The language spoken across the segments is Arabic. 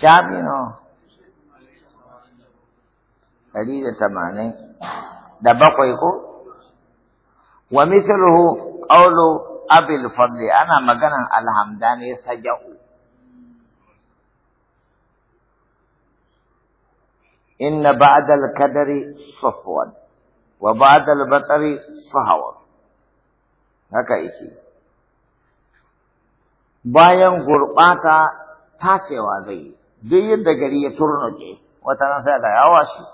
shafi no ɗari da tamanin da bakwai ko wa mithluhu qawlu abil fadli ana maganan alhamdani saja'u إن بعد الكدر wa وبعد البطر صهوا haka yake bayan gurɓata tacewa zai yi دیت د ترنو کې وطن سره د اواشي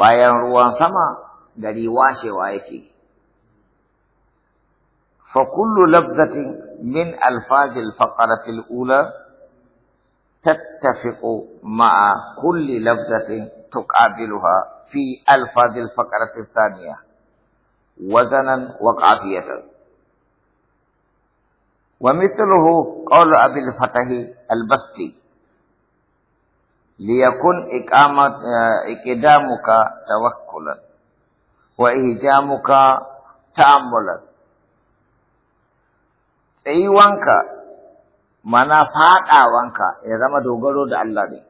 بایان روا سما ګړی واشه وای فکل لفظه من الفاظ الفقره الاولى تتفق مع كل لفظه تقابلها في الفاظ الفقره الثانيه وزنا وقافيه ومثله قول أبي الفتح البسطي ليكن إقامة إقدامك توكلا وإهجامك تأملا tsayuwanka mana faɗawanka ya zama dogaro da Allah ne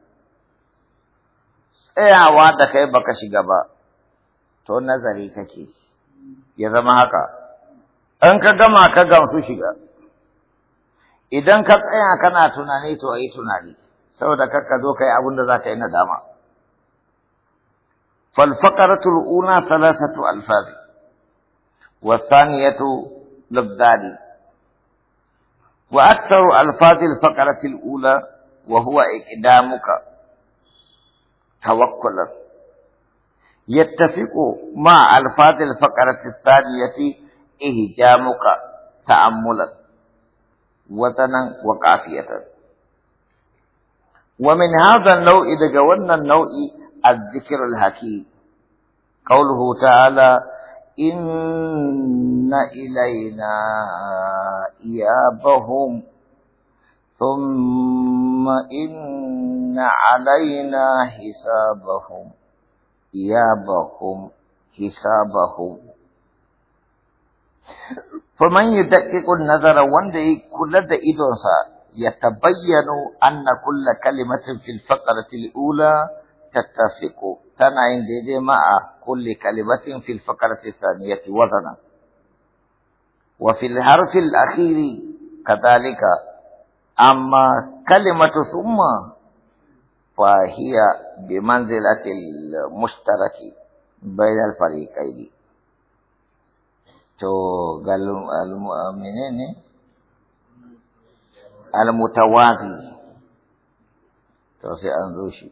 tsayawa da kai baka shiga ba to nazari kake ya zama haka in ka gama ka gamsu shiga idan ka tsaya kana tunani to ayi tunani saboda kar ka zo kai abin da za ka yi nadama فالفقرة الأولى ثلاثة ألفاظ والثانية لفظان وأكثر ألفاظ الفقرة الأولى وهو إقدامك توكلا يتفق مع ألفاظ الفقرة الثانية إهجامك تأملا وزنا وقافية ومن هذا النوع دقونا النوع الذكر الحكيم قوله تعالى إن إلينا إيابهم ثم إن علينا حسابهم إيابهم حسابهم فمن يدقق النظر وندي كل إدوسا يتبين أن كل كلمة في الفقرة الأولى تتفق تنعين ديدي مع كل كلمة في الفقرة الثانية وزنا وفي الحرف الأخير كذلك أما كلمة ثم فهي بمنزلة المشترك بين الفريقين to galum almu menene almutawazi to sai an zo shi